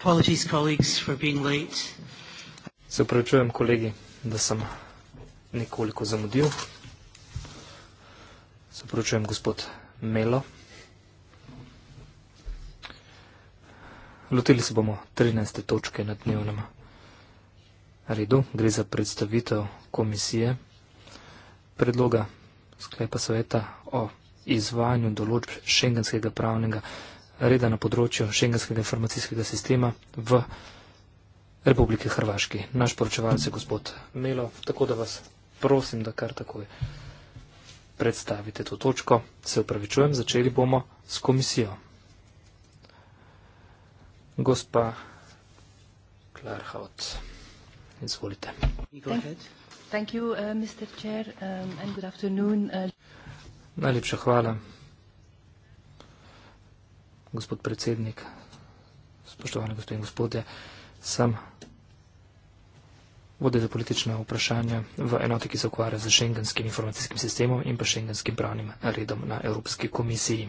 Apologies, colleagues, for being late. Se upravičujem, kolegi, da sem nekoliko zamudil. Se upravičujem, gospod Melo. Lotili se bomo 13. točke na dnevnem redu. Gre za predstavitev komisije predloga sklepa sveta o izvajanju določb šengenskega pravnega reda na področju šengenskega informacijskega sistema v Republiki Hrvaški. Naš poročevalec je gospod Melo, tako da vas prosim, da kar takoj predstavite to točko. Se upravičujem, začeli bomo s komisijo. Gospa Klarhaut, izvolite. Thank you, uh, Mr. Chair, um, and good afternoon. Uh... Najlepša hvala, gospod predsednik, spoštovane gospod in gospodje, sem vode za politične vprašanja v enoti, ki se ukvarja z šengenskim informacijskim sistemom in pa šengenskim pravnim redom na Evropski komisiji.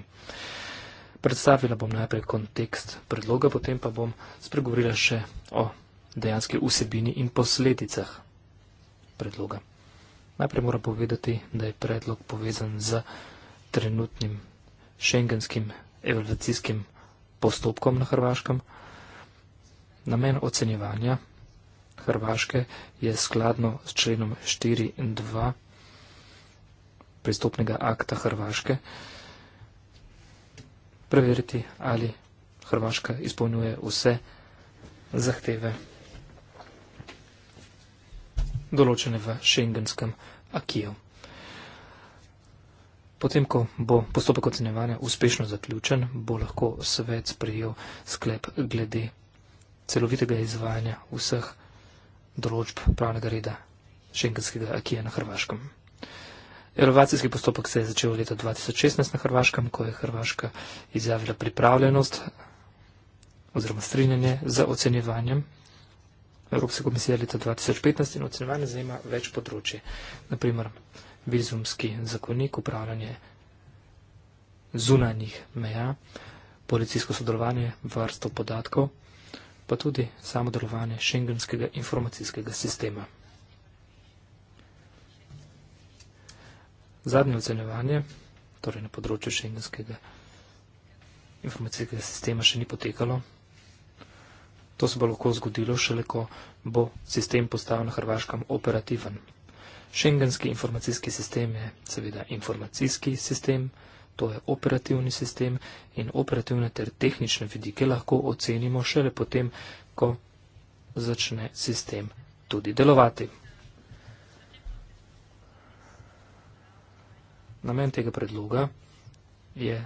Predstavila bom najprej kontekst predloga, potem pa bom spregovorila še o dejanski vsebini in posledicah predloga. Najprej moram povedati, da je predlog povezan z trenutnim šengenskim evolucijskim postopkom na Hrvaškem. Namen ocenjevanja Hrvaške je skladno s členom 4 in 2 pristopnega akta Hrvaške preveriti, ali Hrvaška izpolnjuje vse zahteve določene v šengenskem akiju. Potem, ko bo postopek ocenevanja uspešno zaključen, bo lahko svet sprejel sklep glede celovitega izvajanja vseh določb pravnega reda šengenskega akija na Hrvaškem. Evalvacijski postopek se je začel leta 2016 na Hrvaškem, ko je Hrvaška izjavila pripravljenost oziroma strinjanje za ocenjevanjem Evropske komisije leta 2015 in ocenjevanje zajema več področje. Naprimer, vizumski zakonik, upravljanje zunanjih meja, policijsko sodelovanje, varstvo podatkov, pa tudi samo delovanje šengenskega informacijskega sistema. Zadnje ocenjevanje, torej na področju šengenskega informacijskega sistema, še ni potekalo. To se bo lahko zgodilo, šele ko bo sistem postavljen na Hrvaškem operativen. Šengenski informacijski sistem je seveda informacijski sistem, to je operativni sistem in operativne ter tehnične vidike lahko ocenimo šele potem, ko začne sistem tudi delovati. Namen tega predloga je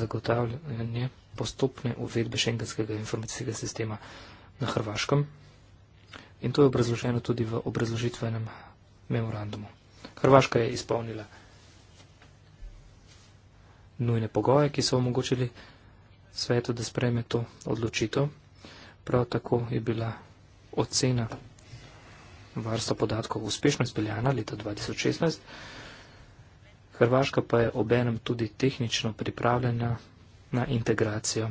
zagotavljanje postopne uvedbe šengenskega informacijskega sistema na Hrvaškem in to je obrazloženo tudi v obrazložitvenem memorandumu. Hrvaška je izpolnila nujne pogoje, ki so omogočili svetu, da spreme to odločitev. Prav tako je bila ocena varstva podatkov uspešno izpeljana leta 2016. Hrvaška pa je obenem tudi tehnično pripravljena na integracijo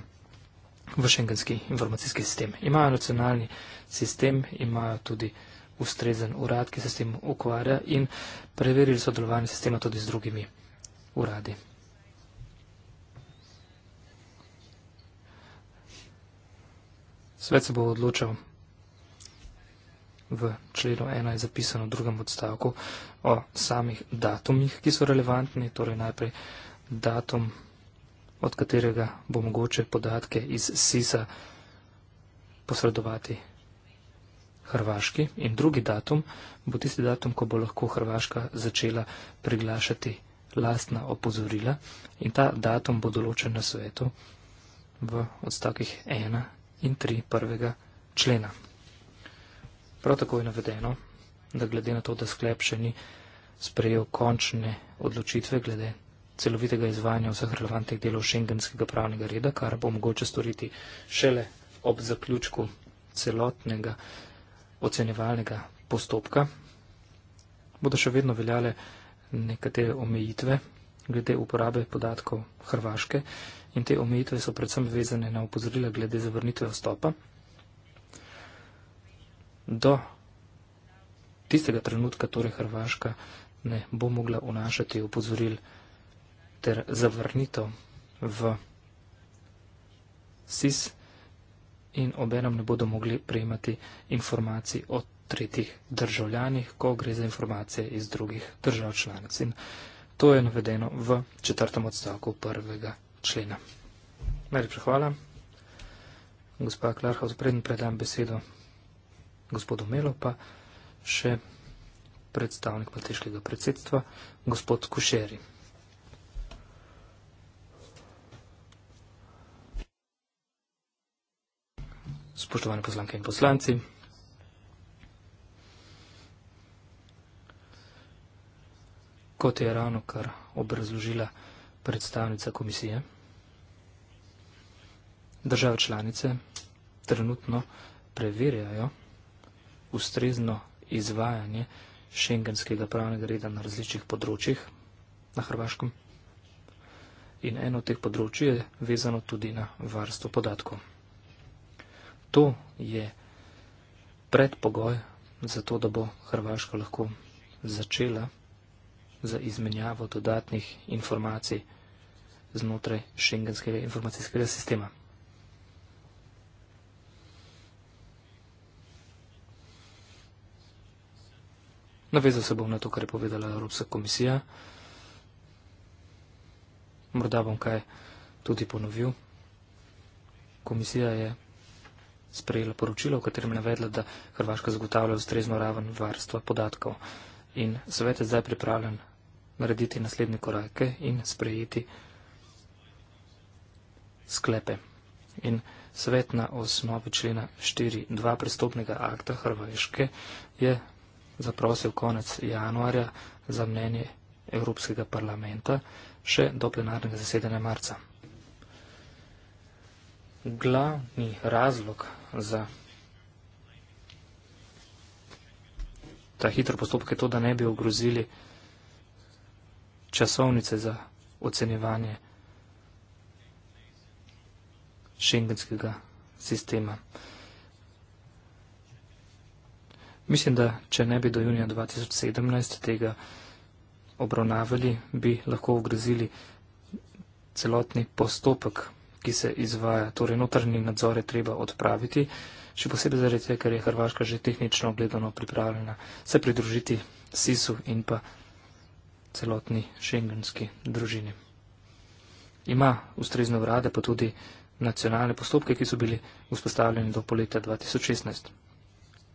v šengenski informacijski sistem. Imajo nacionalni sistem, imajo tudi uh, ustrezen urad, ki se s tem ukvarja in preverili sodelovanje sistema tudi z drugimi uradi. Svet se bo odločal v členu 1 je zapisano v drugem odstavku o samih datumih, ki so relevantni, torej najprej datum, od katerega bo mogoče podatke iz SIS-a posredovati Hrvaški in drugi datum bo tisti datum, ko bo lahko Hrvaška začela priglašati lastna opozorila in ta datum bo določen na svetu v odstavkih 1 in 3 prvega člena. Prav tako je navedeno, da glede na to, da sklep še ni sprejel končne odločitve glede celovitega izvajanja vseh relevantnih delov šengenskega pravnega reda, kar bo mogoče storiti šele ob zaključku celotnega ocenjevalnega postopka, bodo še vedno veljale nekatere omejitve glede uporabe podatkov Hrvaške in te omejitve so predvsem vezane na upozorila glede zavrnitve vstopa. Do tistega trenutka torej Hrvaška ne bo mogla unašati upozoril ter zavrnitev v SIS-u in obenem ne bodo mogli prejemati informacij od tretjih državljanih, ko gre za informacije iz drugih držav članic. In to je navedeno v četrtem odstavku prvega člena. Najlepša hvala. Gospa Klarhaus, predn predam besedo gospodu Melo, pa še predstavnik Malteškega predsedstva, gospod Kušeri. spoštovane poslanke in poslanci. Kot je ravno kar obrazložila predstavnica komisije, države članice trenutno preverjajo ustrezno izvajanje šengenskega pravnega reda na različnih področjih na Hrvaškem. In eno od teh področji je vezano tudi na varstvo podatkov to je predpogoj za to, da bo Hrvaška lahko začela za izmenjavo dodatnih informacij znotraj šengenskega informacijskega sistema. Navezal se bom na to, kar je povedala Evropska komisija. Morda bom kaj tudi ponovil. Komisija je sprejela poročilo, v katerem je navedla, da Hrvaška zagotavlja ustrezno raven varstva podatkov. In svet je zdaj pripravljen narediti naslednje korake in sprejeti sklepe. In svet na osnovi člena 4.2 prestopnega akta Hrvaške je zaprosil konec januarja za mnenje Evropskega parlamenta še do plenarnega zasedanja marca glavni razlog za ta hitro postopek je to, da ne bi ogrozili časovnice za ocenjevanje šengenskega sistema. Mislim, da če ne bi do junija 2017 tega obravnavali, bi lahko ogrozili celotni postopek ki se izvaja. Torej, notrni nadzor je treba odpraviti, še posebej zaradi tega, ker je Hrvaška že tehnično gledano pripravljena se pridružiti SIS-u in pa celotni šengenski družini. Ima ustrezne urade, pa tudi nacionalne postopke, ki so bili vzpostavljeni do poleta 2016.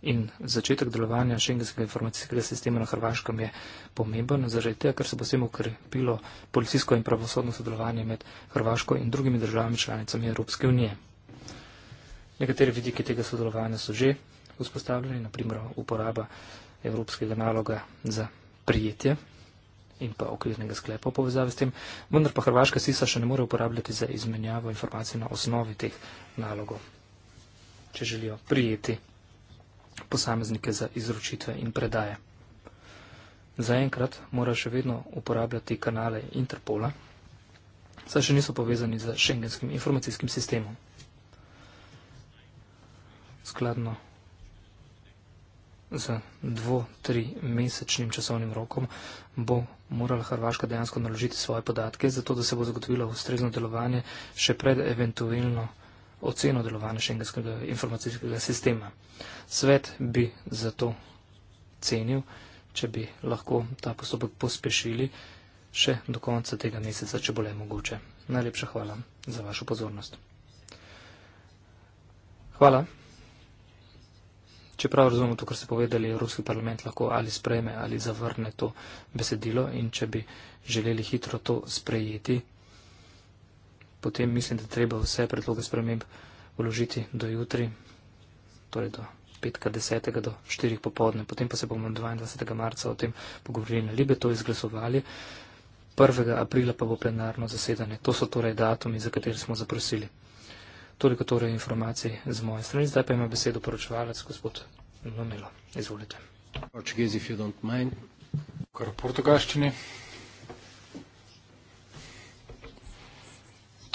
In začetek delovanja šengenskega informacijskega sistema na Hrvaškem je pomemben, zaradi tega, ker se bo s tem ukrepilo policijsko in pravosodno sodelovanje med Hrvaško in drugimi državami članicami Evropske unije. Nekateri vidiki tega sodelovanja so že vzpostavljeni, naprimer uporaba evropskega naloga za prijetje in pa okvirnega sklepa v povezavi s tem, vendar pa Hrvaška sisa še ne more uporabljati za izmenjavo informacij na osnovi teh nalogov, če želijo prijeti posameznike za izročitve in predaje. Zaenkrat mora še vedno uporabljati kanale Interpola, saj še niso povezani z šengenskim informacijskim sistemom. Skladno z dvo-tri mesečnim časovnim rokom bo morala Hrvaška dejansko naložiti svoje podatke, zato da se bo zagotovilo ustrezno delovanje še pred eventualno oceno delovanja šengenskega informacijskega sistema. Svet bi zato cenil, če bi lahko ta postopek pospešili še do konca tega meseca, če bo le mogoče. Najlepša hvala za vašo pozornost. Hvala. Če prav razumem to, kar ste povedali, Evropski parlament lahko ali sprejme ali zavrne to besedilo in če bi želeli hitro to sprejeti, potem mislim, da treba vse predloge sprememb vložiti do jutri, torej do petka desetega do štirih popovdne. Potem pa se bomo 22. marca o tem pogovorili na Libe, to izglasovali. 1. aprila pa bo plenarno zasedanje. To so torej datumi, za kateri smo zaprosili. Toliko torej informacij z moje strani. Zdaj pa ima besedo poročevalec, gospod Lomelo. Izvolite. Portugalski, če ne.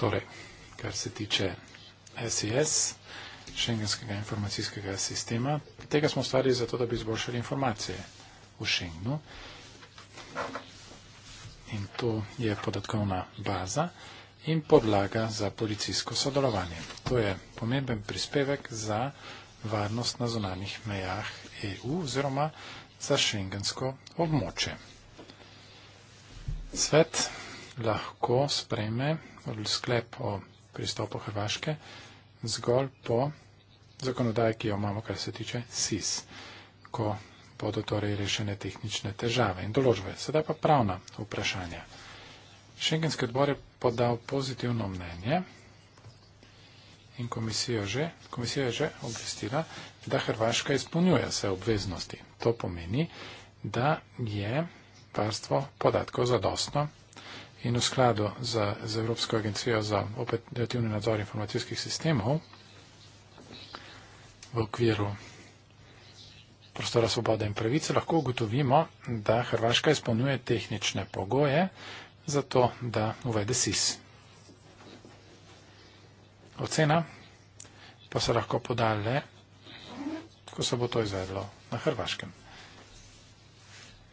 torej, kar se tiče SIS, e šengenskega informacijskega sistema. Tega smo ustvarili zato, da bi izboljšali informacije v Šengnu. In to je podatkovna baza in podlaga za policijsko sodelovanje. To je pomemben prispevek za varnost na zonanih mejah EU oziroma za šengensko območje. Svet lahko spreme sklep o pristopu Hrvaške zgolj po zakonodaji, ki jo imamo, kar se tiče SIS, ko bodo torej rešene tehnične težave in določbe. Sedaj pa pravna vprašanja. Šengenski odbor je podal pozitivno mnenje in komisijo že, komisijo je že obvestila, da Hrvaška izpolnjuje vse obveznosti. To pomeni, da je varstvo podatkov zadostno, in v skladu z, z Evropsko agencijo za operativni nadzor informacijskih sistemov v okviru prostora svobode in pravice lahko ugotovimo, da Hrvaška izpolnjuje tehnične pogoje za to, da uvede SIS. Ocena pa se lahko poda le, ko se bo to izvedlo na Hrvaškem.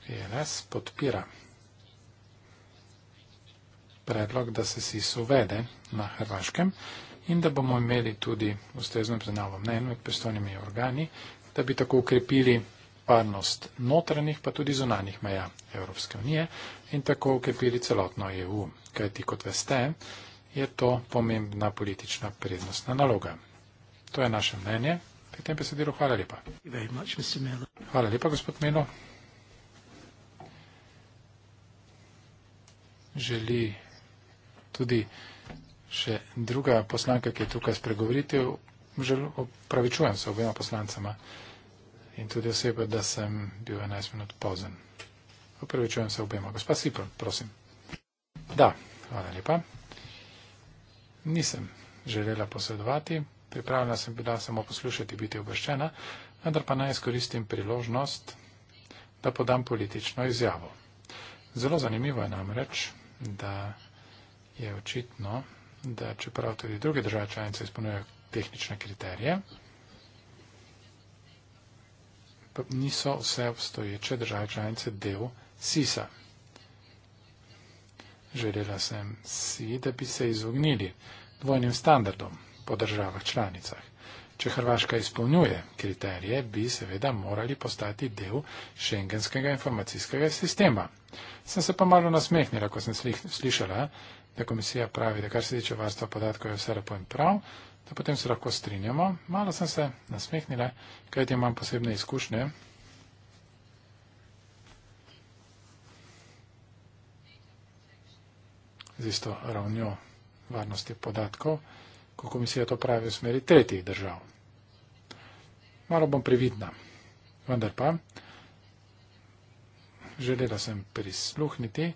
VLS e podpira predlog, da se SIS uvede na Hrvaškem in da bomo imeli tudi ustrezno obzenavo mnenje med pristojnimi organi, da bi tako ukrepili varnost notranjih pa tudi zunanjih meja Evropske unije in tako ukrepili celotno EU. Kaj ti kot veste, je to pomembna politična prednostna naloga. To je naše mnenje. Pri tem besedilu hvala lepa. Hvala lepa, gospod Melo. Želi tudi še druga poslanka, ki je tukaj spregovoriti. Opravičujem se obema poslancama in tudi osebe, da sem bil 11 minut pozen. Opravičujem se obema. Gospa Sipr, prosim. Da, hvala lepa. Nisem želela posredovati, pripravljena sem bila samo poslušati, biti obveščena, vendar pa naj izkoristim priložnost, da podam politično izjavo. Zelo zanimivo je namreč, da je očitno, da čeprav tudi druge države članice izpolnjujejo tehnične kriterije, pa niso vse obstoječe države članice del SIS-a. Želela sem si, da bi se izognili dvojnim standardom po državah članicah. Če Hrvaška izpolnjuje kriterije, bi seveda morali postati del šengenskega informacijskega sistema. Sem se pa malo nasmehnila, ko sem slišala, da komisija pravi, da kar se tiče varstva podatkov je vse lepo in prav, da potem se lahko strinjamo. Malo sem se nasmehnila, kajti imam posebne izkušnje. z isto ravnjo varnosti podatkov, ko komisija to pravi v smeri tretjih držav. Malo bom previdna, vendar pa želela sem prisluhniti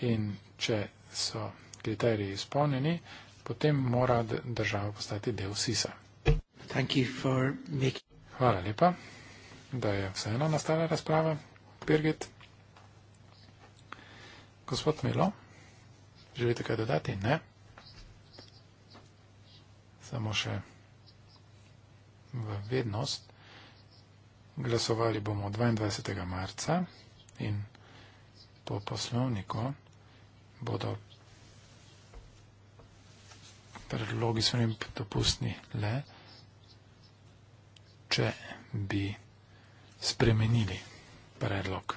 in če so kriteriji izpolnjeni, potem mora država postati del SIS-a. Hvala lepa, da je vseeno nastala razprava. Birgit. Gospod Milo, želite kaj dodati? Ne. Samo še v vednost. Glasovali bomo 22. marca in po poslovniku bodo predlogi so jim dopustni le, če bi spremenili predlog.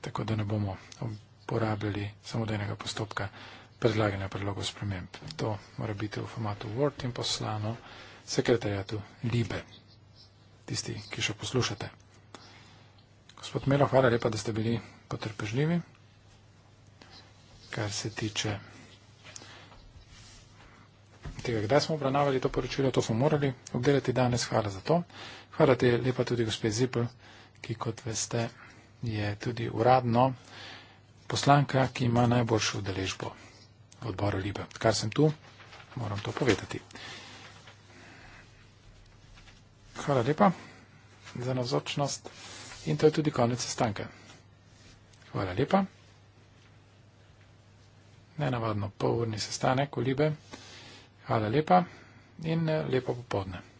Tako da ne bomo uporabljali samo enega postopka predlaganja predlogov sprememb. To mora biti v formatu Word in poslano sekretarjatu Libe, tisti, ki še poslušate. Gospod Melo, hvala lepa, da ste bili potrpežljivi. Kar se tiče tega, kdaj smo obravnavali to poročilo, to smo morali obdelati danes. Hvala za to. Hvala ti lepa tudi gospe Zipl, ki kot veste je tudi uradno poslanka, ki ima najboljšo udeležbo v odboru Libe. Kar sem tu, moram to povedati. Hvala lepa za navzočnost in to je tudi konec sestanka. Hvala lepa. Nenavadno polurni sestanek v Libe. Hvala lepa in eh, lepo popodne.